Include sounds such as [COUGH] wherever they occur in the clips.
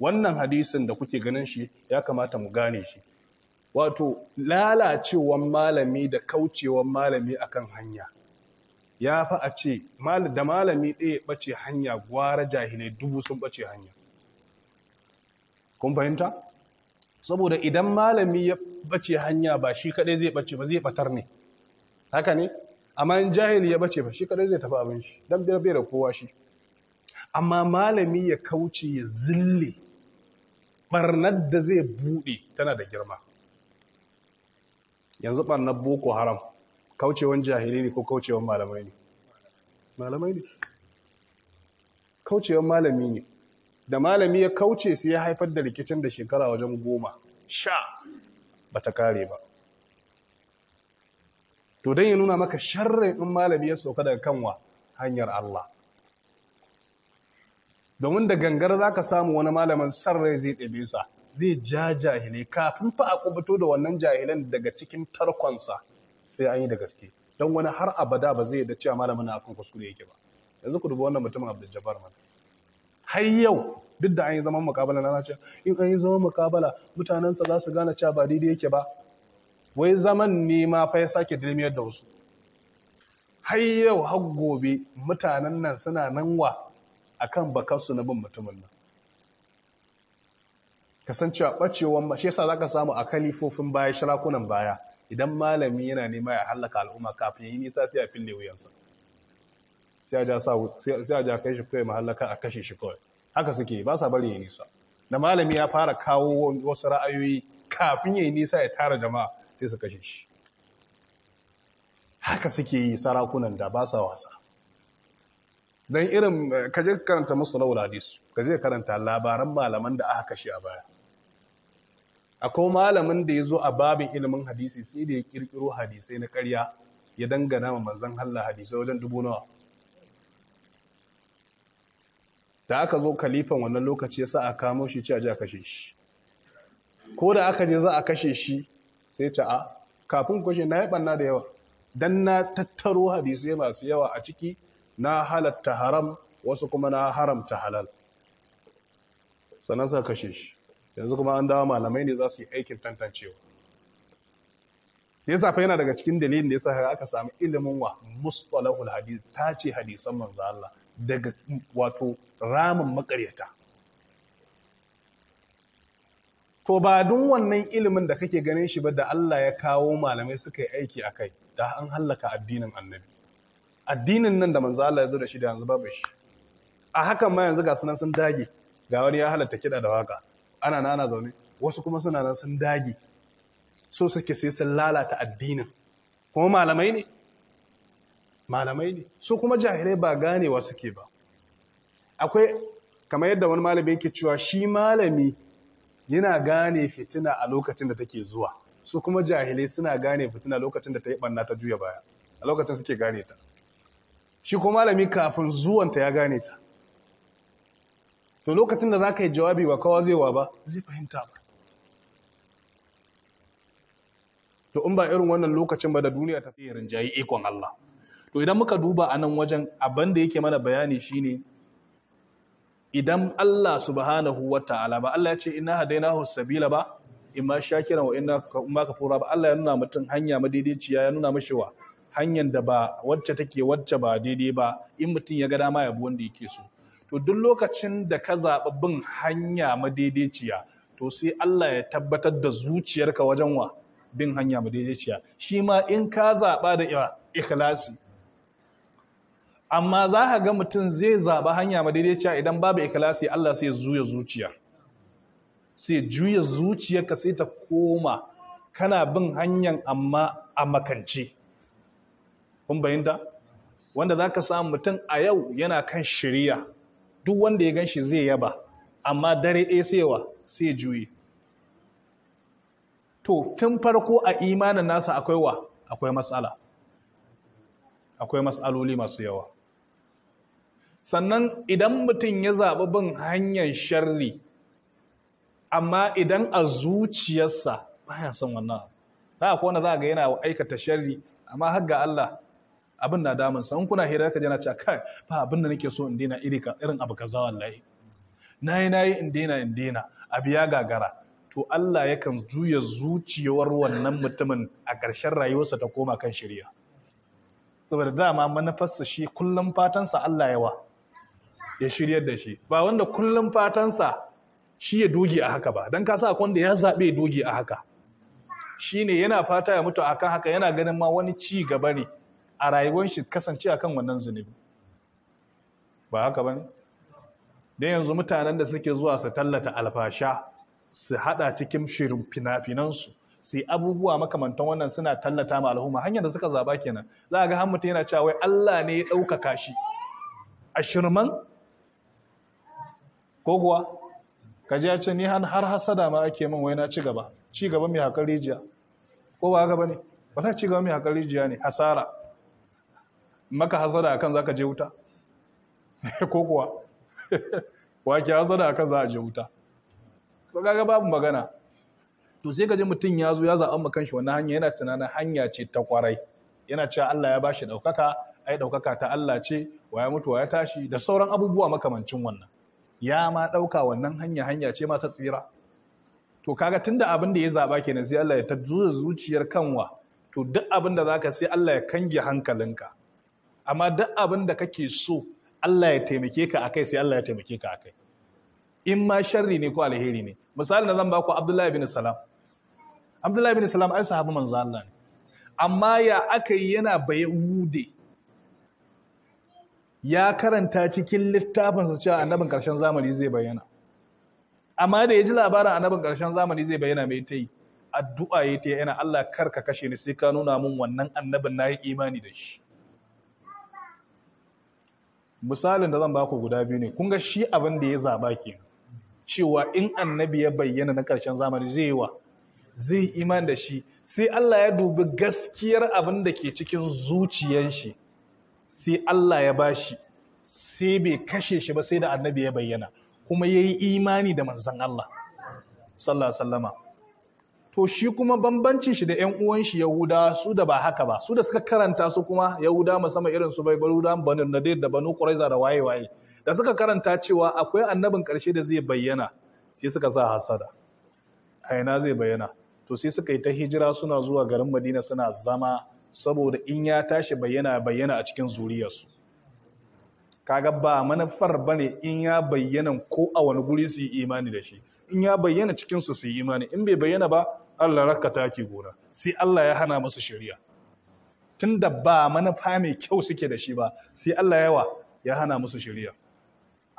wannan hadisin da kuke ganin shi ya kamata mu gane shi wato lalacewan malami da kaucewan malami akan hanya ya fi a ce da malami ɗaya ɓace hanya gwara jahilai dubu sun ɓace hanya kun fahimta saboda idan malami ya ɓace hanya ba shi kaɗai zai ɓace ba zai ɓatar ne haka ne amma in jahili ya ɓace ba shi kaɗai zai tafi abin shi don bai da kowa shi amma malami ya kauce ya zille barnar da zai buɗe tana da girma yanzu barnar boko haram kaucewan jahili ne ko kaucewan malamai ne malamai ne kaucewan malami ne da malami ya kauce sai ya haifar da rikicin da shekara wajen goma sha ba ta kare ba to don ya nuna maka sharrin in malami ya sauka daga kanwa hanyar Allah domin da gangar za ka samu wani malamin san rai zai ɗabe sa zai ja jahilai kafin fa a kubuto da wannan jahilan daga cikin tarkonsa sai an yi da gaske don wani har abada ba zai da cewa malamin na akan kuskure yake ba yanzu ku dubi wannan mutumin abdul jabbar mana har yau duk da an yi zaman mukabala na ce in an yi zaman mukabala mutanensa za su gane cewa ba daidai yake ba wai zaman ne ma fa ya sake dirmiyar da wasu har yau har gobe mutanen nan suna nan wa akan bakarsu na bin mutumin nan kasancewa bacewan shi yasa ka samu a kalifofin baya shirakunan baya idan malami yana nema ya hallaka al'umma kafin yi nisa sai a fille wuyansa sai a ja kai shi kai mahallaka a kashe shi kawai haka suke ba sa bari ya nisa da malami ya fara kawo wasu ra'ayoyi kafin ya yi nisa ya tara jama'a sai su kashe shi haka suke yi sarakunan da ba sa wasa dan irin eh, kaje karanta musalawul ka kaje karanta labaran malaman da aka kashe a baya akwai malamin da ya zo a babin ilimin hadisi sai da ya kirkiro hadisai na karya ya dangana ma manzon Allah hadisai wajen dubu nawa da aka zo kalifan wannan lokaci ya sa a kamo shi ce a ji kashe shi ko da aka je za a kashe shi sai ta a kafin kashe na yi banna da yawa don na tattaro hadisai masu yawa a ciki na halatta haram wasu kuma na haramta halal sannan suka kashe shi yanzu kuma an dawo malamai ne za su yi aikin tantancewa yasa fa yana daga cikin dalilin da yasa aka samu ilimin wa mustalahul hadith ta ce hadisan manzo Allah daga wato ramin makaryata to ba dun wannan ilimin da kake ganin shi ba da Allah ya kawo malamai suka yi aiki a kai, da an hallaka addinin annabi addinin nan da manzo Allah ya zo da shi da yanzu babu shi a hakan ma yanzu ga sunan sun dage ga wani ya halatta kiɗa da waka ana nana zaune wasu kuma suna nan sun dage so suke sai sun lalata addinin kuma malamai ne malamai ne su kuma jahilai ba ganewa suke ba akwai kamar yadda wani malami yake cewa shi malami yana gane fitina a lokacin da take zuwa su kuma jahilai suna gane fitina lokacin da ta yi ɓanna ta juya baya a lokacin suke gane ta shi ko malami kafin zuwanta ya gane ta to lokacin da za ka yi jawabi ba kawo zai wa ba zai fahimta ba to in ba irin wannan lokacin ba da duniya ta fi rinjaye, ikon Allah to idan muka duba a nan wajen abin da yake mana bayani shi ne idan Allah subhanahu wa ta'ala ba Allah ya ce ina hadainahu sabila ba in ma shakira wa ina ka fura ba Allah ya nuna mutum hanya madaidaiciya ya nuna mashi hanyar da ba wacce take wacce ba daidai ba in mutum ya ga dama ya bi wanda yake so to duk lokacin da ka zaɓi bin hanya madaidaiciya to sai Allah ya tabbatar da zuciyarka wajen wa bin hanya madaidaiciya shi ma in ka zaɓa da ikhlasi amma za ka ga mutum zai zaɓa hanya madaidaiciya idan babu ikhlasi Allah sai juya zuciya sai juya zuciyarka sai ta koma kana bin hanyar amma a makance kun bayinta wanda za ka samu mutum a yau yana kan shirya duk wanda ya gan shi zai yaba amma dare ɗaya yawa sai juyi to tun farko a imanin nasa akwai wa akwai matsala akwai matsaloli masu yawa sannan idan mutum ya zaɓi bin hanyar sharri amma idan a zuciyarsa ba ya son wannan za a kone za a ga yana aikata sharri amma har ga Allah abin na damun sa kuna hira ka jana cewa kai fa abin da nake so in daina iri ka irin abu kaza wallahi nayi nayi in daina in daina a ya gagara to Allah yakan juya zuciyar wannan mutumin a ƙarshen rayuwarsa ta koma kan shirya saboda dama manufarsa shi kullum fatansa Allah yawa ya shiryar da shi ba wanda kullum fatansa shi ya doge a haka ba don ka sa wanda ya zabe ya doge a haka shine yana fata ya mutu akan haka yana ganin ma wani ci gaba ne a rayuwar shi kasance akan wannan zunubi ba haka ba ne? dan yanzu mutanen da suke zuwa su tallata alfasha su hada cikin shirin fina-finansu su yi abubuwa makamantan wannan suna tallata ma al'umma hanyar da suka zaba kenan za a ga har yana cewa wai Allah ne ya ɗaukaka shi a shirman ko kuwa kaji ya ce ni har hasada ma ake min wai na ci gaba ci gaba mai haƙar rijiya ko ba haka ne? ba ci gaba mai haƙar rijiya ne hasara maka hasada akan zaka je wuta [LAUGHS] ko kuwa [LAUGHS] wake hasada akan za a je wuta ko kaga babu magana to sai kaje mutum ya zo ya zaɓa kan kanshi wannan hanya yana tunanin hanya ce ta kwarai yana cewa Allah ya ba shi ɗaukaka ai ɗaukaka ta Allah ce waya mutu waya tashi da sauran abubuwa makamancin wannan ya ma ɗauka wannan hanya hanya ce ma ta tsira to kaga tunda abin da ya zaɓa kenan sai Allah ya ta zuciyar kanwa to duk abin da zaka sai Allah ya kange hankalinka amma duk abin da kake so Allah ya taimake ka akai sai Allah ya taimake ka akai in ma sharri ne ko alheri ne misali na zan ba ku Abdullahi bin Salam Abdullahi bin Salam ai sahabi manzo Allah ne amma ya aka yi yana wude, ya karanta cikin littafinsa cewa annabin karshen zamani zai bayyana amma da ya ji labarin annabin karshen zamani zai bayyana mai tai, addu'a ya ta yana Allah kar ka kashe ni sai ka nuna mun wannan annabin na yi imani da shi misalin da zan baku guda biyu ne kun ga shi abin da ya zaba ke cewa in annabi ya bayyana na karshen zamani zai yi wa zai iman da shi sai Allah ya dubi gaskiyar abin da ke cikin zuciyar shi sai Allah ya bashi sai bai kashe shi ba sai da annabi ya bayyana kuma ya yi imani da manzan Allah sallallahu to shi kuma bambancin shi da yan uwan shi yahuda su da ba haka ba su da suka karanta su kuma yahuda musamman irin su bai baruda banu nadir da banu quraiza da waye waye da suka karanta cewa akwai annabin karshe da zai bayyana sai suka sa hasada a ina zai bayyana to sai suka yi ta hijira suna zuwa garin madina suna zama saboda in ya tashi bayyana bayyana a cikin zuriyarsu kaga ba manufar bane in ya bayyana ko a wani guri su yi imani da shi in ya bayyana cikin su su yi imani in bai bayyana ba Allah raka ke gora sai Allah ya hana musu shari'a tunda ba manufa mai kyau suke da shi ba sai Allah yawa ya hana musu shari'a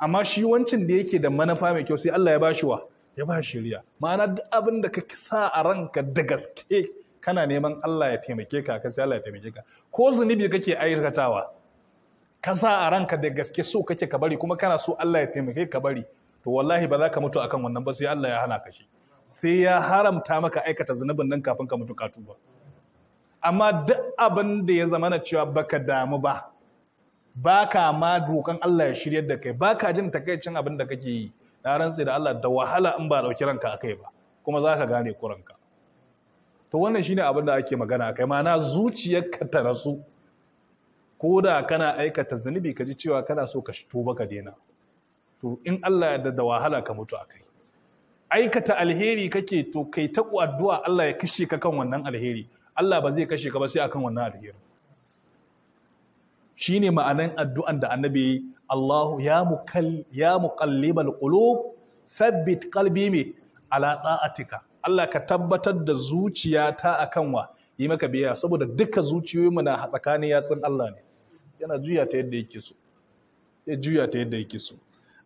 amma shi wancin da yake da manufa mai kyau sai Allah ya bashi wa ya ba shari'a ma'ana duk abin da ka sa a ranka da gaske kana neman Allah ya taimake ka ka sai Allah ya taimake ka ko zunubi kake aikatawa ka sa a ranka da gaske so kake ka bari kuma kana so Allah ya taimake ka bari to wallahi ba za ka mutu akan wannan ba sai Allah ya hana ka shi sai ya haramta maka aikata zunubin nan kafin ka mutu katu ba. amma duk abin da ya zamana cewa baka damu ba baka ma dokan Allah ya shiryar da kai baka jin takaicin abin da kake yi na rantsi da Allah da wahala in ba dauki ranka akai ba kuma za ka gane kuranka to wannan shine abin da ake magana akai ma'ana zuciyarka ta rasu ko da kana aikata zunubi ka ji cewa kana so ka tuba ka daina to in Allah ya da wahala ka mutu a kai aikata alheri kake to kai ta addu'a Allah ya kashe ka kan wannan alheri Allah ba zai kashe ka ba sai akan wannan alheri shine ma'anan addu'an da annabi Allahu ya mukal ya muqallibal qulub thabbit qalbi mi ala ta'atika Allah ka tabbatar da zuciyata akan wa yi maka biya saboda duka zuciyoyinmu na tsakanin yatsun Allah ne yana juya yadda ya juya ta yadda yake so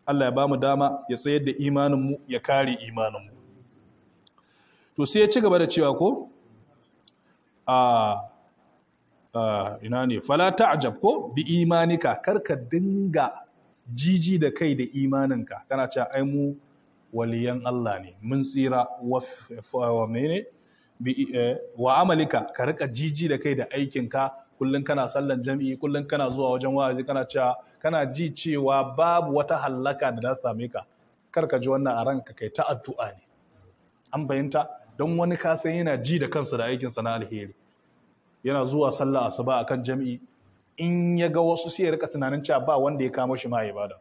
Allah ya ba mu dama ya tsayar da imaninmu ya kare imaninmu to sai ya ci gaba da cewa ko a ina ne falata ta'jab ko bi imanika karka dinga jiji da kai da imaninka kana ce ai mu waliyan Allah ne mun tsira wa mene e, wa amalika ka rika jiji da kai da aikinka kullum kana sallan jami'i kullum kana zuwa wajen wa'azi kana cewa kana ji cewa babu wata hallaka da za same ka kar ka ji wannan a ranka kai ta addu'a ne an bayanta don wani kasan yana ji da kansa da aikinsa na alheri yana zuwa sallah asuba akan jami'i in ya ga wasu sai ya rika tunanin cewa ba wanda ya kama shi ma ibada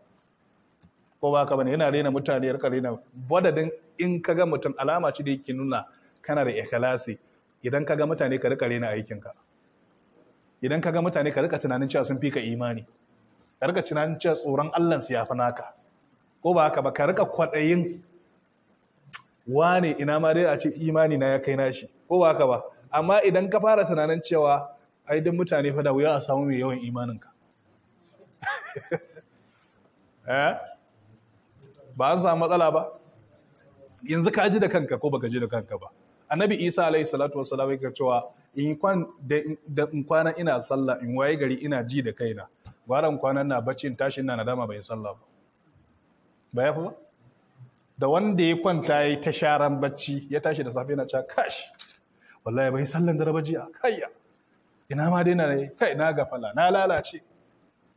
ko ba ka bane yana rena mutane ya rika rena wadadin in ka ga mutum alama ce da yake nuna kana da ikhlasi idan ka ga mutane ka rika rena aikinka idan ka ga mutane ka rika tunanin cewa sun fi ka imani ka rika tunanin cewa tsoron Allah su yafi naka ko ba haka ba ka rika kwaɗayin wane ina ma dai a ce imani na ya kai nashi ko ba haka ba amma idan ka fara sananan cewa ai duk mutane fa da wuya a samu mai yawan imanin ka [LAUGHS] eh? ba an samu matsala ba yanzu ka ji da kanka ko baka ji da kanka ba annabi isa alayhi salatu wassalam yake cewa in kwan da in kwana ina sallah in waye gari ina ji da kaina gwaran kwanan na bacci tashin na nadama bai sallah ba ba ya fi ba da wanda ya kwanta ya ta sharan bacci ya tashi da safe na ca kash wallahi bai sallan dare jiya kayya ina ma dai na kai na gafala na lalace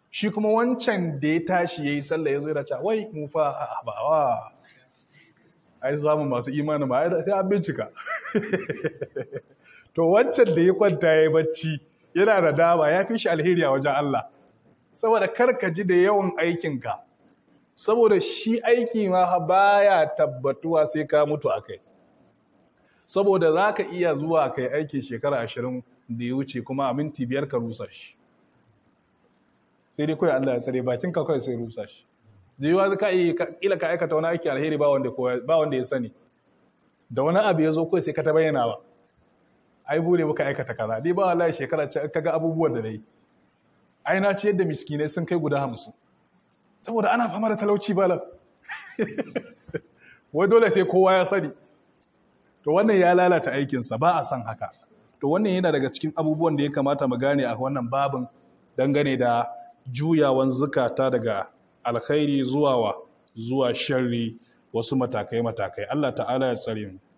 shi kuma wancan da ya tashi ya yi sallah ya zo da ca wai mu fa a ba wa ai zamu masu imani ba sai an bincika [LAUGHS] to wancan da ya kwanta ya yi bacci yana da dama ya fi shi alheri a wajen Allah saboda kar ka ji da yawan aikinka saboda shi aiki ma baya tabbatuwa sai ka mutu akai saboda za ka iya zuwa kai aiki shekara ashirin da ya wuce kuma a minti biyar ka rusa shi sai dai kawai Allah ya tsare bakin ka kawai sai rusa shi da yiwuwa ka yi kila ka aikata wani aiki alheri ba wanda ya sani da wani abu ya zo kawai sai ka ta bayyana ba ai bure muka aikata kaza dai ba wallahi shekara ce ka ga abubuwan da nayi aina na ciyar da miskinai sun kai guda hamsin saboda ana fama da talauci bala wai dole sai kowa ya sani to wannan ya lalata aikinsa ba a san haka to wannan yana daga cikin abubuwan da ya kamata mu gane a wannan babin dangane da juyawan zukata daga alkhairi zuwa wa zuwa sharri wasu matakai-matakai Allah ta'ala ya tsare mu